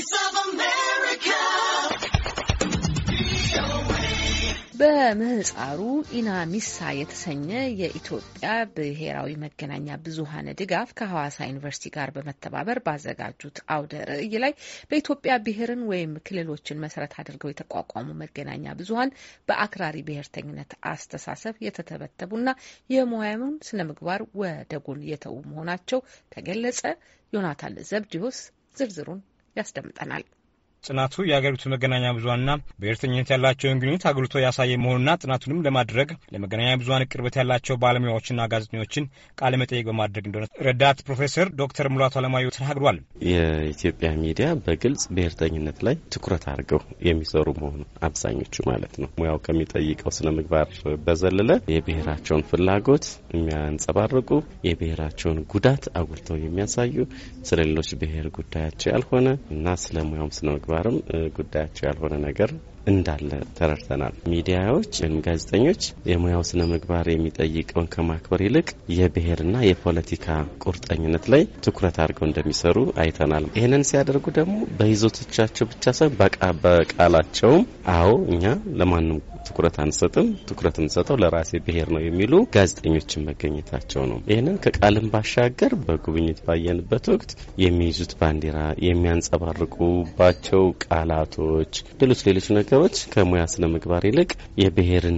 Voice of America. በምህፃሩ ኢናሚሳ የተሰኘ የኢትዮጵያ ብሔራዊ መገናኛ ብዙሀን ድጋፍ ከሐዋሳ ዩኒቨርሲቲ ጋር በመተባበር ባዘጋጁት አውደ ርዕይ ላይ በኢትዮጵያ ብሔርን ወይም ክልሎችን መሰረት አድርገው የተቋቋሙ መገናኛ ብዙሀን በአክራሪ ብሔርተኝነት አስተሳሰብ የተተበተቡና የሙያውን ስነ ምግባር ወደ ጎን የተዉ መሆናቸው ተገለጸ። ዮናታን ዘብዲዮስ ዝርዝሩን ያስደምጠናል። ጥናቱ የአገሪቱ መገናኛ ብዙሀንና ብሔርተኝነት ያላቸውን ግንኙነት አጉልቶ ያሳየ መሆኑና ጥናቱንም ለማድረግ ለመገናኛ ብዙሀን ቅርበት ያላቸው ባለሙያዎችና ጋዜጠኞችን ቃለ መጠይቅ በማድረግ እንደሆነ ረዳት ፕሮፌሰር ዶክተር ሙላቱ አለማየሁ ተናግሯል። የኢትዮጵያ ሚዲያ በግልጽ ብሔርተኝነት ላይ ትኩረት አድርገው የሚሰሩ መሆኑ አብዛኞቹ ማለት ነው ሙያው ከሚጠይቀው ስነ ምግባር በዘለለ የብሔራቸውን ፍላጎት የሚያንጸባርቁ የብሔራቸውን ጉዳት አጉልተው የሚያሳዩ ስለሌሎች ብሔር ጉዳያቸው ያልሆነ እና ስለ ሙያውም ስነ ምግባር ተግባርም ጉዳያቸው ያልሆነ ነገር እንዳለ ተረድተናል። ሚዲያዎች ወይም ጋዜጠኞች የሙያው ስነ ምግባር የሚጠይቀውን ከማክበር ይልቅ የብሔርና የፖለቲካ ቁርጠኝነት ላይ ትኩረት አድርገው እንደሚሰሩ አይተናል። ይህንን ሲያደርጉ ደግሞ በይዘቶቻቸው ብቻ ሳይሆን በቃላቸውም አዎ እኛ ለማንም ትኩረት አንሰጥም፣ ትኩረት እንሰጠው ለራሴ ብሔር ነው የሚሉ ጋዜጠኞችን መገኘታቸው ነው። ይህንን ከቃልም ባሻገር በጉብኝት ባየንበት ወቅት የሚይዙት ባንዲራ የሚያንጸባርቁባቸው ቃላቶች፣ ሌሎች ሌሎች መዝገቦች ከሙያ ስነ ምግባር ይልቅ የብሔርን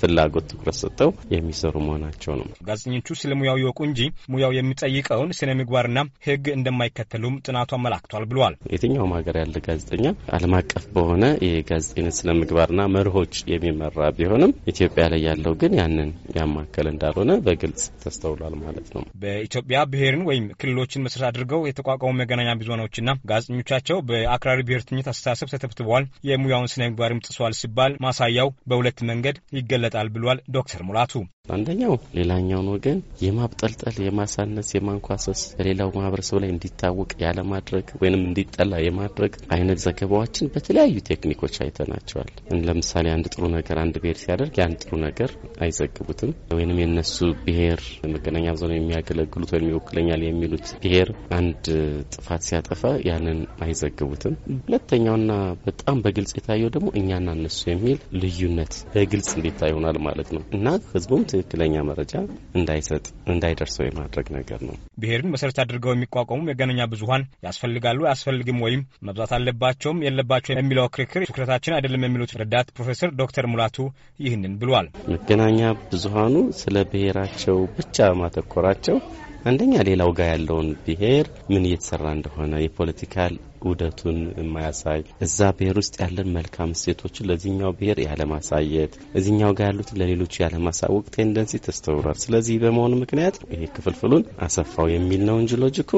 ፍላጎት ትኩረት ሰጥተው የሚሰሩ መሆናቸው ነው። ጋዜጠኞቹ ስለ ሙያው ይወቁ እንጂ ሙያው የሚጠይቀውን ስነ ምግባርና ሕግ እንደማይከተሉም ጥናቱ አመላክቷል ብለዋል። የትኛውም ሀገር ያለ ጋዜጠኛ ዓለም አቀፍ በሆነ የጋዜጠኝነት ስነ ምግባርና መርሆች የሚመራ ቢሆንም ኢትዮጵያ ላይ ያለው ግን ያንን ያማከል እንዳልሆነ በግልጽ ተስተውሏል ማለት ነው። በኢትዮጵያ ብሔርን ወይም ክልሎችን መሰረት አድርገው የተቋቋሙ መገናኛ ብዙሃኖችና ጋዜጠኞቻቸው በአክራሪ ብሔርተኝነት አስተሳሰብ ተተብትበዋል። የሙያውን ስነ ስነምግባርም ጥሷል ሲባል ማሳያው በሁለት መንገድ ይገለጣል ብሏል ዶክተር ሙላቱ። አንደኛው ሌላኛውን ወገን የማብጠልጠል፣ የማሳነስ፣ የማንኳሰስ በሌላው ማህበረሰብ ላይ እንዲታወቅ ያለማድረግ ወይንም እንዲጠላ የማድረግ አይነት ዘገባዎችን በተለያዩ ቴክኒኮች አይተናቸዋል። ለምሳሌ አንድ ጥሩ ነገር አንድ ብሔር ሲያደርግ ያን ጥሩ ነገር አይዘግቡትም። ወይንም የነሱ ብሔር መገናኛ ብዙኃን የሚያገለግሉት ወይም ይወክለኛል የሚሉት ብሔር አንድ ጥፋት ሲያጠፋ ያንን አይዘግቡትም። ሁለተኛውና በጣም በግልጽ የታየው ደግሞ እኛና እነሱ የሚል ልዩነት በግልጽ እንዲታይ ይሆናል ማለት ነው እና ህዝቡም ትክክለኛ መረጃ እንዳይሰጥ እንዳይደርሰው የማድረግ ነገር ነው። ብሔርን መሰረት አድርገው የሚቋቋሙ መገናኛ ብዙሀን ያስፈልጋሉ አያስፈልግም ወይም መብዛት አለባቸውም የለባቸው የሚለው ክርክር ትኩረታችን አይደለም የሚሉት ረዳት ፕሮፌሰር ዶክተር ሙላቱ ይህንን ብሏል። መገናኛ ብዙሀኑ ስለ ብሔራቸው ብቻ ማተኮራቸው አንደኛ ሌላው ጋር ያለውን ብሔር ምን እየተሰራ እንደሆነ የፖለቲካል ውደቱን የማያሳይ እዛ ብሔር ውስጥ ያለን መልካም እሴቶችን ለዚህኛው ብሔር ያለማሳየት እዚህኛው ጋር ያሉትን ለሌሎች ያለማሳወቅ ቴንደንሲ ተስተውሯል። ስለዚህ በመሆኑ ምክንያት ይሄ ክፍልፍሉን አሰፋው የሚል ነው እንጂ ሎጂኩ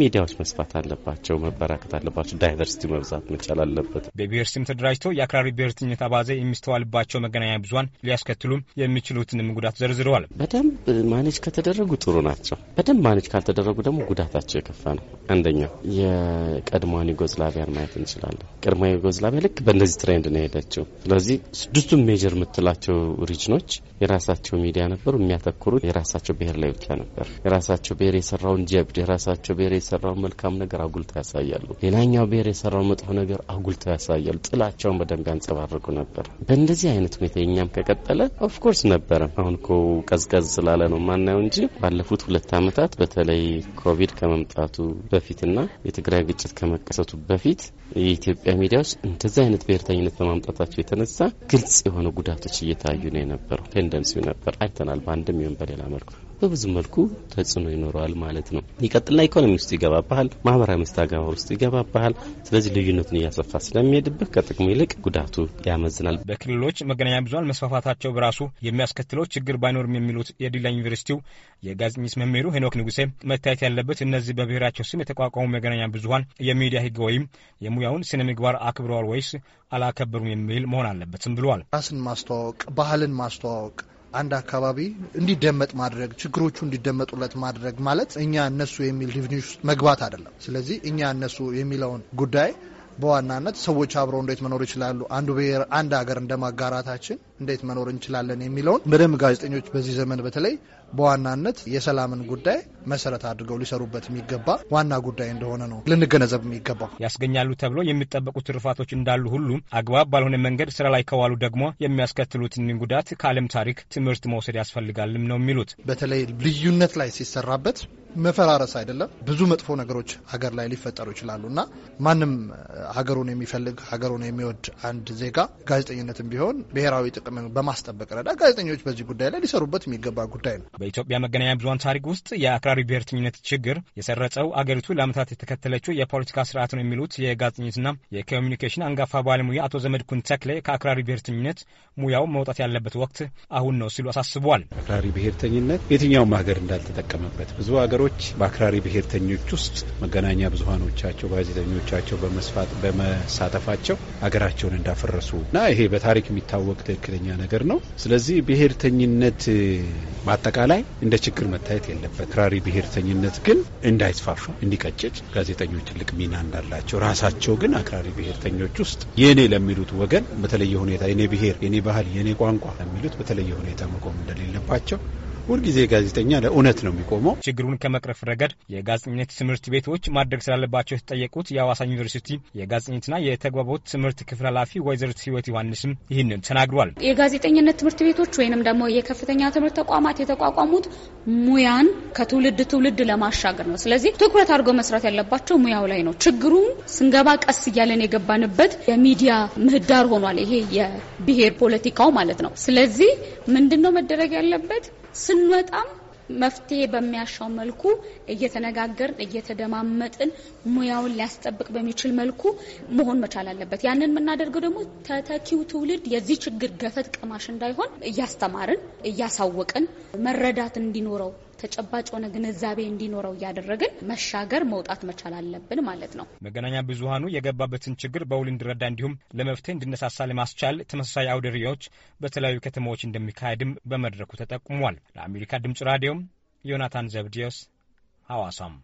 ሚዲያዎች መስፋት አለባቸው፣ መበራከት አለባቸው፣ ዳይቨርሲቲ መብዛት መቻል አለበት። በብሔር ስም ተደራጅቶ የአክራሪ ብሔርተኝነት አባዜ የሚስተዋልባቸው መገናኛ ብዙን ሊያስከትሉ የሚችሉትንም ጉዳት ዘርዝረዋል። በደንብ ማኔጅ ከተደረጉ ጥሩ ናቸው። በደንብ ማኔጅ ካልተደረጉ ደግሞ ጉዳታቸው የከፋ ነው። አንደኛው የቀድሞ ዩጎዝላቪያን ማየት እንችላለን። ቅድመ ዩጎዝላቪያ ልክ በእነዚህ ትሬንድ ነው የሄደችው። ስለዚህ ስድስቱም ሜጀር የምትላቸው ሪጅኖች የራሳቸው ሚዲያ ነበሩ፣ የሚያተኩሩት የራሳቸው ብሔር ላይ ብቻ ነበር። የራሳቸው ብሔር የሰራውን ጀብድ፣ የራሳቸው ብሔር የሰራውን መልካም ነገር አጉልተው ያሳያሉ። ሌላኛው ብሔር የሰራው መጥፎ ነገር አጉልተው ያሳያሉ። ጥላቸውን በደንብ ያንጸባርቁ ነበር። በእንደዚህ አይነት ሁኔታ የኛም ከቀጠለ ኦፍኮርስ ነበረ። አሁን ኮ ቀዝቀዝ ስላለ ነው ማናየው እንጂ ባለፉት ሁለት ዓመታት በተለይ ኮቪድ ከመምጣቱ በፊትና የትግራይ ግጭት ከመቀሰ ከመከሰቱ በፊት የኢትዮጵያ ሚዲያዎች እንደዚህ አይነት ብሔርተኝነት በማምጣታቸው የተነሳ ግልጽ የሆነ ጉዳቶች እየታዩ ነው የነበረው። ቴንደንሲው ነበር አይተናል፣ በአንድም ይሁን በሌላ መልኩ በብዙ መልኩ ተጽዕኖ ይኖረዋል ማለት ነው። ይቀጥልና ኢኮኖሚ ውስጥ ይገባባሃል፣ ማህበራዊ መስተጋብር ውስጥ ይገባባሃል። ስለዚህ ልዩነቱን እያሰፋ ስለሚሄድብህ ከጥቅሙ ይልቅ ጉዳቱ ያመዝናል። በክልሎች መገናኛ ብዙኃን መስፋፋታቸው በራሱ የሚያስከትለው ችግር ባይኖርም የሚሉት የዲላ ዩኒቨርሲቲው የጋዜጠኝነት መምህሩ ሄኖክ ንጉሴ መታየት ያለበት እነዚህ በብሔራቸው ስም የተቋቋሙ መገናኛ ብዙኃን የሚዲያ ህግ ወይም የሙያውን ስነ ምግባር አክብረዋል ወይስ አላከበሩም የሚል መሆን አለበትም ብለዋል። ራስን ማስተዋወቅ፣ ባህልን ማስተዋወቅ አንድ አካባቢ እንዲደመጥ ማድረግ ችግሮቹ እንዲደመጡለት ማድረግ ማለት እኛ እነሱ የሚል ዲፊኒሽን ውስጥ መግባት አይደለም። ስለዚህ እኛ እነሱ የሚለውን ጉዳይ በዋናነት ሰዎች አብረው እንዴት መኖር ይችላሉ አንዱ ብሔር አንድ ሀገር እንደማጋራታችን እንዴት መኖር እንችላለን የሚለውን በደንብ ጋዜጠኞች በዚህ ዘመን በተለይ በዋናነት የሰላምን ጉዳይ መሰረት አድርገው ሊሰሩበት የሚገባ ዋና ጉዳይ እንደሆነ ነው ልንገነዘብ የሚገባው። ያስገኛሉ ተብሎ የሚጠበቁ ርፋቶች እንዳሉ ሁሉ አግባብ ባልሆነ መንገድ ስራ ላይ ከዋሉ ደግሞ የሚያስከትሉትን ጉዳት ከዓለም ታሪክ ትምህርት መውሰድ ያስፈልጋልም ነው የሚሉት። በተለይ ልዩነት ላይ ሲሰራበት መፈራረስ አይደለም ብዙ መጥፎ ነገሮች ሀገር ላይ ሊፈጠሩ ይችላሉ እና ማንም ሀገሩን የሚፈልግ ሀገሩን የሚወድ አንድ ዜጋ ጋዜጠኝነትም ቢሆን ብሔራዊ ጥቅም ጥቅምን በማስጠበቅ ረዳ ጋዜጠኞች በዚህ ጉዳይ ላይ ሊሰሩበት የሚገባ ጉዳይ ነው። በኢትዮጵያ መገናኛ ብዙሀን ታሪክ ውስጥ የአክራሪ ብሔርተኝነት ችግር የሰረጸው አገሪቱ ለአመታት የተከተለችው የፖለቲካ ስርዓት ነው የሚሉት የጋዜጠኝነትና የኮሚኒኬሽን አንጋፋ ባለሙያ አቶ ዘመድኩን ተክሌ ከአክራሪ ብሔርተኝነት ሙያው መውጣት ያለበት ወቅት አሁን ነው ሲሉ አሳስቧል። አክራሪ ብሔርተኝነት የትኛውም ሀገር እንዳልተጠቀመበት ብዙ ሀገሮች በአክራሪ ብሔርተኞች ውስጥ መገናኛ ብዙሀኖቻቸው ጋዜጠኞቻቸው በመስፋት በመሳተፋቸው ሀገራቸውን እንዳፈረሱ እና ይሄ በታሪክ የሚታወቅ ትክክል ሁለተኛ ነገር ነው። ስለዚህ ብሔርተኝነት በአጠቃላይ እንደ ችግር መታየት የለበት። አክራሪ ብሔርተኝነት ግን እንዳይስፋፋ እንዲቀጭጭ ጋዜጠኞች ትልቅ ሚና እንዳላቸው ራሳቸው ግን አክራሪ ብሔርተኞች ውስጥ የእኔ ለሚሉት ወገን በተለየ ሁኔታ የኔ ብሔር፣ የኔ ባህል፣ የኔ ቋንቋ ለሚሉት በተለየ ሁኔታ መቆም እንደሌለባቸው ሁልጊዜ ጋዜጠኛ ለእውነት ነው የሚቆመው። ችግሩን ከመቅረፍ ረገድ የጋዜጠኝነት ትምህርት ቤቶች ማድረግ ስላለባቸው የተጠየቁት የአዋሳ ዩኒቨርሲቲ የጋዜጠኝነትና የተግባቦት ትምህርት ክፍል ኃላፊ ወይዘር ህይወት ዮሐንስም ይህንን ተናግሯል። የጋዜጠኝነት ትምህርት ቤቶች ወይንም ደግሞ የከፍተኛ ትምህርት ተቋማት የተቋቋሙት ሙያን ከትውልድ ትውልድ ለማሻገር ነው። ስለዚህ ትኩረት አድርገው መስራት ያለባቸው ሙያው ላይ ነው። ችግሩን ስንገባ ቀስ እያለን የገባንበት የሚዲያ ምህዳር ሆኗል። ይሄ የብሔር ፖለቲካው ማለት ነው። ስለዚህ ምንድን ነው መደረግ ያለበት? ስንወጣም መፍትሄ በሚያሻው መልኩ እየተነጋገርን እየተደማመጥን ሙያውን ሊያስጠብቅ በሚችል መልኩ መሆን መቻል አለበት። ያንን የምናደርገው ደግሞ ተተኪው ትውልድ የዚህ ችግር ገፈት ቀማሽ እንዳይሆን እያስተማርን እያሳወቅን መረዳት እንዲኖረው ተጨባጭ የሆነ ግንዛቤ እንዲኖረው እያደረግን መሻገር መውጣት መቻል አለብን ማለት ነው። መገናኛ ብዙሀኑ የገባበትን ችግር በውል እንዲረዳ እንዲሁም ለመፍትሄ እንዲነሳሳ ለማስቻል ተመሳሳይ አውደሪዎች በተለያዩ ከተማዎች እንደሚካሄድም በመድረኩ ተጠቁሟል። ለአሜሪካ ድምጽ ራዲዮም ዮናታን ዘብዲዮስ ሐዋሳም